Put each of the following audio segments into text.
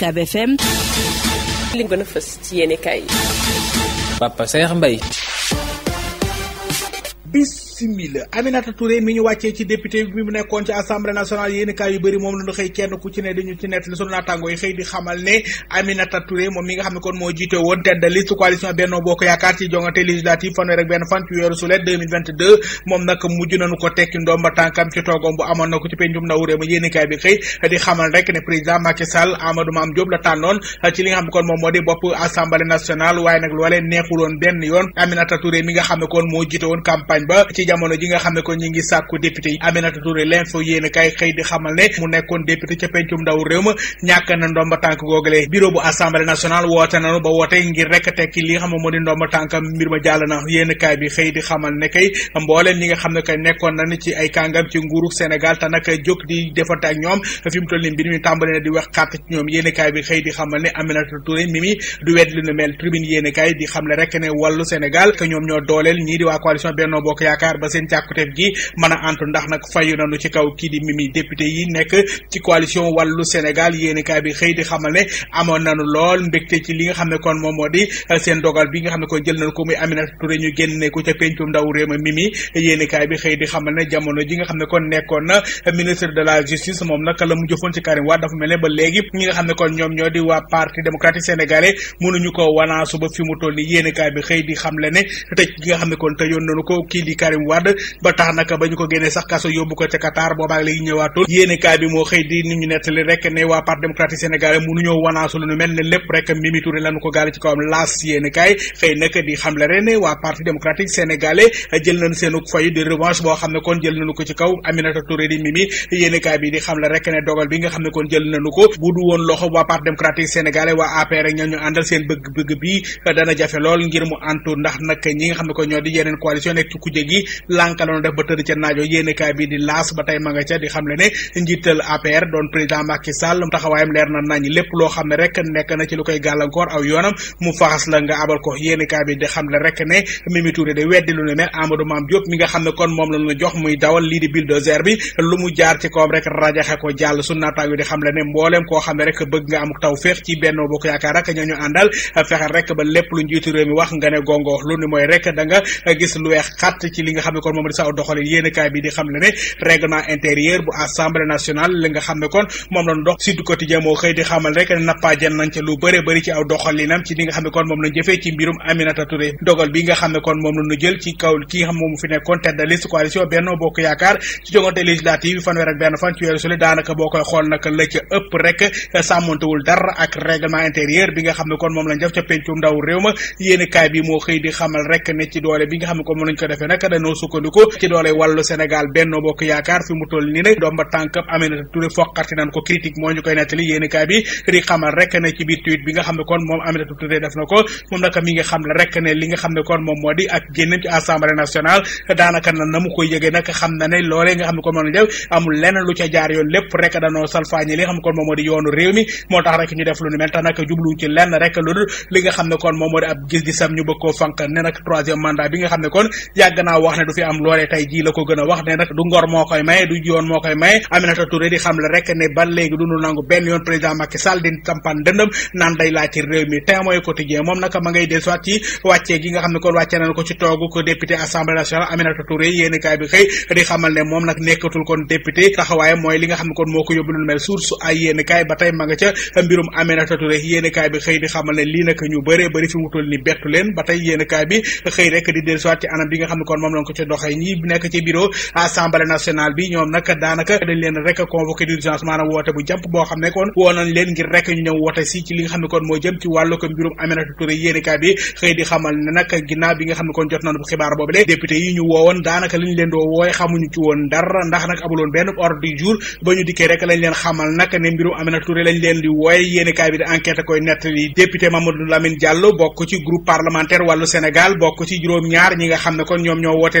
Ucab FM. li gën a fës ci yéenekaay yi. Papa Saer simila Aminata Touré mi ñu wàccee ci député bi mu nekkoon ci assemblée nationale yéen kaay yu moom la ñu xëy kenn ku ci ne dañu ci nett sunu naataango xëy di xamal ne Aminata Touré mi nga xamal rek moo jiite woon campagne ba ci jamono ji nga xam ne ko ñi ngi sàkku député yi Aminata Touré l'info yéen kay xëy di xamal ne mu nekkoon député ca pencum ndaw réew ma ñàkk na ndomba tànk googalee bureau bu assemblée nationale woote nanu ba woote ngir rek tekki li nga xam ne moo di ndomba tànkam mbir ma jàll na yéen kaay xamal ne kay mbooleem ñi nga xam ne kay nekkoon nañ ci ay kàngam ci nguuru Sénégal te nag jóg di defante ak ñoom fi mu mbir mi tàmbali na di wax xàtt ci ñoom yéen kaay bi xëy di xamal ne Aminata Touré mi mi ba seen càkkuteef gi mën a antu ndax nag fayu nañu ci kaw kii di mimi député yi nekk ci coalition wàllu Sénégal yéenekaay bi xëy di xamal ne lool mbégte li nga xam ne kon moom moo di euh, seen dogal bi nga xam ne kon jël nañu ko ko ca pencum ndaw réew ma mimi bi xëy di xamal ne jamono ji nga xam ne kon nekkoon na ministre de la justice moom nag la mu jëfoon ci Karim Wade dafa mel ne ba léegi nga xam ne kon ñoom ñoo di waa parti démocratique sénégalais mënuñu ko wanaasu ba fi mu toll ni yéenekaay bi xëy di xamle ne tëj gi nga xam ne kon tëjoon nañu ko kii di Karim Karim Wade ba tax naka ba ñu ko génnee sax kaso yóbbu ko ca Qatar boobaak léegi ñëwaatul yéene kaay bi moo xëy di nit ñu nettali rek ne waa parti démocratique sénégalais mënuñoo wanaasu lu mel ne lépp rek Mimi Touré lañu ko gaale ci kawam laas yéene kaay xëy naka di xamle rek ne waa parti démocratique sénégalais jël nañ seenuk fayu di revanche boo xam ne kon jël nañu ko ci kaw Aminata Touré di Mimi yéene kaay bi di xamle rek ne kon jël nañu ko bu du woon loxo waa parti démocratique sénégalais waa APR ak ñoo ñu àndal bi dana jafe lool ngir mu antu ndax nga xam ne ko ñoo di yeneen lànkaloon def ba tëdd ca naajo yéenekaay bi di laas ba tey ma ca di xam ne njiital APR doon président Macky Sall taxawaayam leer na nañ lépp loo xam ne rek nekk na ci lu koy gàllankoor aw yoonam mu faxas la nga abal bi xam le rek ne Mimi Touré de weddi lu ne mel Amadou Mame Diop mi moom la ñu jox muy dawal lii di bulldozer bi lu mu jaar ci kawam rek rajaxe ko jàll su naataango di xam le ne mbooleem koo xam ne rek bëgg nga am taw féex ci Benno Bokk Yaakaar ak ñooñu àndal fexeel rek ba lépp lu njiitu réew mi wax nga ne gongo lu ni mooy rek da nga gis lu weex xatt ci li nga xam ne kon moom di saw doxalin yéenekaay bi di xam ne ne règlement intérieur bu assemblée nationale li nga xam ne kon moom lañ dox Sud Quotidien moo xëy di xamal rek ne nappaajan nañ ca lu bëre bëri ci aw doxalinam ci li nga xam ne kon moom lañ jëfee ci mbirum Aminata Touré dogal bi nga xam ne kon moom lañu jël ci kaw ki nga xam moom fi nekkoon tête de liste coalition Benno Bokk Yaakaar ci jongante législative yi fanweer ak benn fan ci weeru sule daanaka boo koy xool nag la ca ëpp rek sàmmontewul dara ak règlement intérieur bi nga xam ne kon moom lañ def ca pencum ndaw réew ma yéenekaay bi moo xëy di xamal rek ne ci doole bi nga xam ne kon moom lañ ko defee nag noo sukkandiku ci doole wàllu Sénégal Benno Bokk Yaakaar fi mu toll nii ne ci biir tweet bi nga xam ne kon moom ko moom moom moo di leneen lu ca jaar yoon lépp rek danoo salfaañi li nga kon moom moo yoonu réew mi moo tax rek ñu def lu ni mel tax nag jublu ci lenn rek lu dul li nga xam ne kon moom moo ab gis-gisam ñu bëgg koo fànq ne nag troisième mandat bi nga xam ne kon yàgg naa wax ne du fi am loolee tey jii la ko gën a wax ne nag du ngor moo koy maye du yoon moo koy maye Aminata Touré di xam kaay bi xëy di xamal ne li nga ñu bëree bëri fi mu ni bettu leen ba tey yéen kaay bi xëy rek di dellusiwaat ci anam bi nga xam ne kon moom bokk ci doxey ni nekk ci bureau assemblée nationale bi ñoom nag daanaka dañ leen rek convoqué d'urgence maanaam woote bu jàpp boo xam ne kon woo nañ leen bu xibaar boobu le député yi ñu woowoon daanaka lañ leen doo wooye xamuñu ci woon dara ndax nag amuloon benn ordre du jour ba ñu dikkee rek lañ leen xamal nag ne mbirum Aminata Touré lañ leen di wooye yéenekaay bi di enquête koy nettali député Mamadou Lamine Diallo bokk ci groupe parlementaire wàllu Sénégal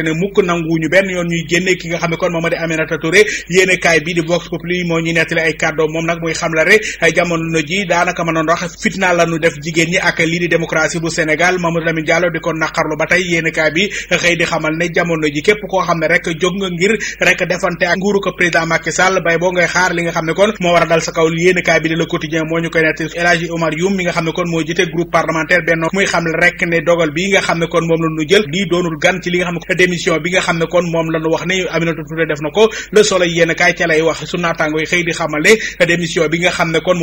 xamante ne mukk nanguwuñu benn yoon ñuy génne ki nga xam ne kon moom di Aminata Touré yéene kaay bi di Vox Populi moo ñu nettali ay kàddoo moom nag muy xam la rek jamono ji daanaka mënoon wax fitna la ñu def jigéen ñi ak lii di démocratie bu Sénégal Mamadou Lamine Diallo di ko naqarlu ba tey yéene kaay bi xëy di xamal ne jamono ji képp koo xam ne rek jóg nga ngir rek defante ak nguuru ko président Macky Sall bay boo ngay xaar li nga xam ne kon moo war a dal sa kaw yéene kaay bi di Le Quotidien moo ñu koy nettali El Hadji Omar Youm mi nga xam ne kon moo jiite groupe parlementaire Benno muy xam la rek ne dogal bi nga xam ne kon moom la ñu jël lii doonul gan ci li nga xam ne démission bi nga xam ne kon moom lañu wax ne Aminata Touré def na ko le soleil yéen ca lay wax su naataango yi xëy di xamal ne kon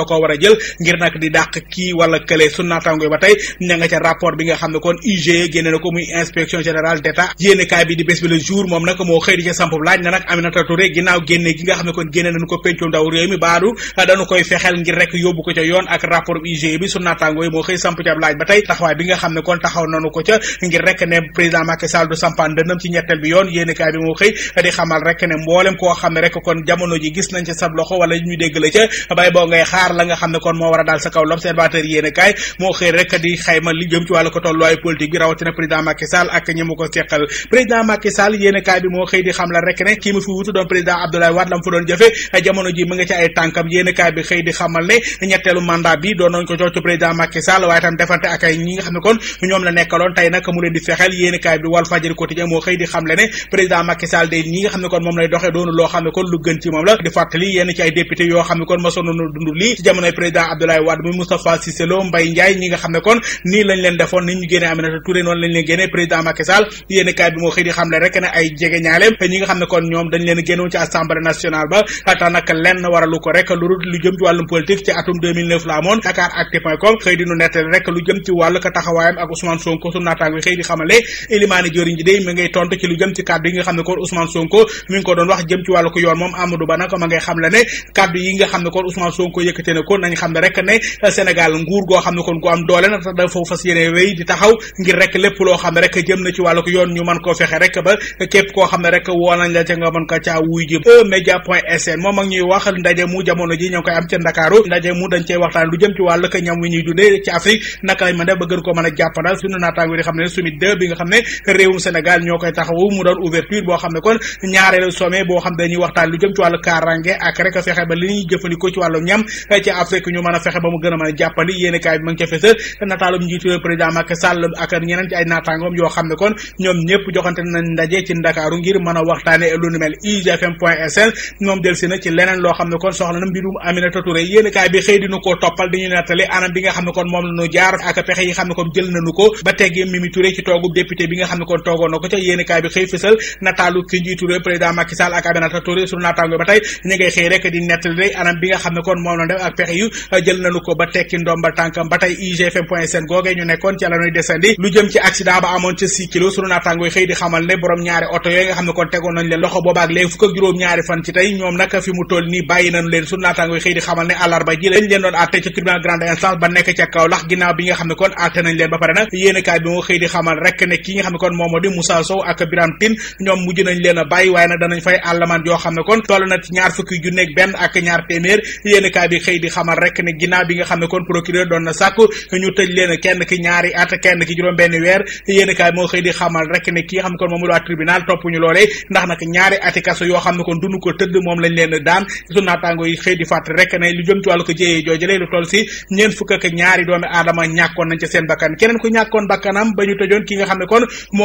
da ko war a jël ngir nag di dàq e muy inspection générale d' état bi di bés bi le jour moom nag moo xëy di ca samp laaj na nag Aminata Touré ginnaaw génne gi nga xam ne kon génne nañu ko pencu ndaw réew mi baadu dañu koy fexel ngir rek yóbbu ko ca yoon ak rapport IGE bi su naataango yi moo xëy samp ca laaj ba tey taxawaay bi nga xam ne kon yoon yéenekaay bi moo xëy di xamal rek ne mboolem koo xam ne rek kon jamono ji gis wala ñu dégg la ca bay boo ngay xaar la moo a daal sa kaw l'observateur yéenekaay moo xëy rek moo xëy di xamal rek fekk kii mu fi wutu doon président Abdoulaye Wade lam fa doon jëfe jamono ji mu nga ci ay tànkam yéen kaay bi xëy di xamal ne ñi nga xam ne kon nii lañ leen defoon ni ñu génnee Aminata Touré noonu lañ leen génnee président Macky Sall yéen kaay bi moo xëy di xam rek ne ay jege ñaaleem ñi nga xam ne kon ñoom dañ leen génnoon ci assemblée nationale ba ata nag lenn waralu ko rek lu jëm ci wàllum politique ci atum 2009 la amoon dakaractu.com xëy di ma kon Ousmane di taxaw ngir rek lépp jëm ci wàllu ko yoon ñu mën koo fexe rek ba képp koo xam ne rek woo nañ la la ca wuy ji e moom ak ñuy wax ndaje mu jamono ji ñoo koy am ca ndakaaru ndaje mu dañ cey waxtaan lu jëm ci wàllu ko ñam wi ñuy dundee ci afrique a ñu mën a fexe ba mu gën a a jàppandi yéene kaay bi ma ngi ca fesal nataalum njiitu président Macky Sall ak ñeneen ci ay naataangoom yoo xam ne kon ñoom ñëpp joxante nañ ndaje ci ndakaaru ngir mën a waxtaane waaye lu ni mel ugfm point sn moom delsi na ci leneen loo xam ne kon soxla na mbirum Aminata Touré yéen kaay bi xëy dinu koo toppal dañuy ñu jaar bi xëy fësal nataalu ki njiitu réew président ak Aminata Touré suñu naataango ba tey ñu xëy rek di nettali day anam bi nga xam ne kon moom la def ak pexe yu jël nañu ko ba tekki ndombal tànkam ba tey ugfm point sn googee ñu nekkoon ci la ñuy desandi lu jëm ci accident ba amoon ca six kilo suñu naataango xëy di xamal loxo boobaak léegi fukk ak juróom-ñaari fan ci tey ñoom nag fi mu toll nii bàyyi nañu leen sunu naataango xëy di xamal ne àllarba ji lañ leen doon àtte ca tribunal grande instance ba nekk ca Kaolack ginnaaw bi nga xam ne kon àtte nañ leen ba pare bi xamal rek ne ki nga waaye nag danañ fay àllamaan yoo xam ne kon toll na ñaar fukki junne ak benn ak ñaar téeméer yéenekaay bi xëy di xamal rek ne ginnaaw bi nga xam ne kon procureur doon na sàkku ñu tëj leen kenn ki ñaari at kenn ki juróom benn weer yéenekaay bi moo xëy di xamal rek ne ki xam ne kon moom mu waa tribunal topp ñu loolee ndax ñaari ati kaso yoo xam ne kon dunu ko tëdd moom lañ leen daan su naataango yi xëy di fàttali rek ne lu jëm ci wàllu ko jëyee joojalee lu toll si ñeent fukk ak ñaari doomi aadama ñàkkoon nañ ca seen bakkan keneen ku ñàkkoon bakkanam ba ñu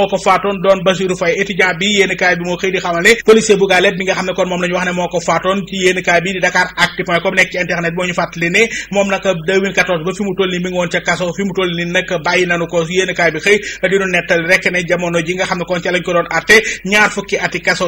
ko faatoon doon Basiru ko doon atte ñaar fukki ati kaso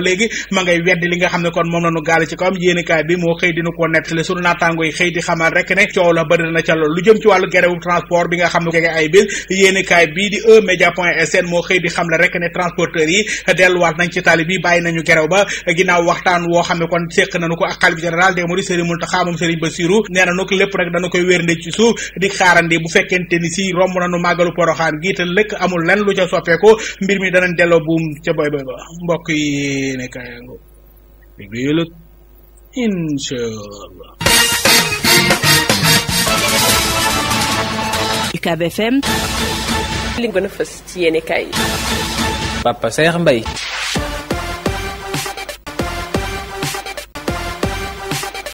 ba léegi ma ngay weddi li nga xam ne kon moom la ñu gaale ci kawam yéenekaay bi moo xëy dinu ko nettali sunu na ca lool ci wàllu e média point sn moo xëy la rek ne transporteurs yi delluwaat nañ moom na nag lépp ci suuf mbir mi danañ delloo buum ca boy boy ba mbokk yi yéene kayango déglu yëlëg inchaallah UCAB FM li gën a fës ci yéene kay Papa Saer Mbaye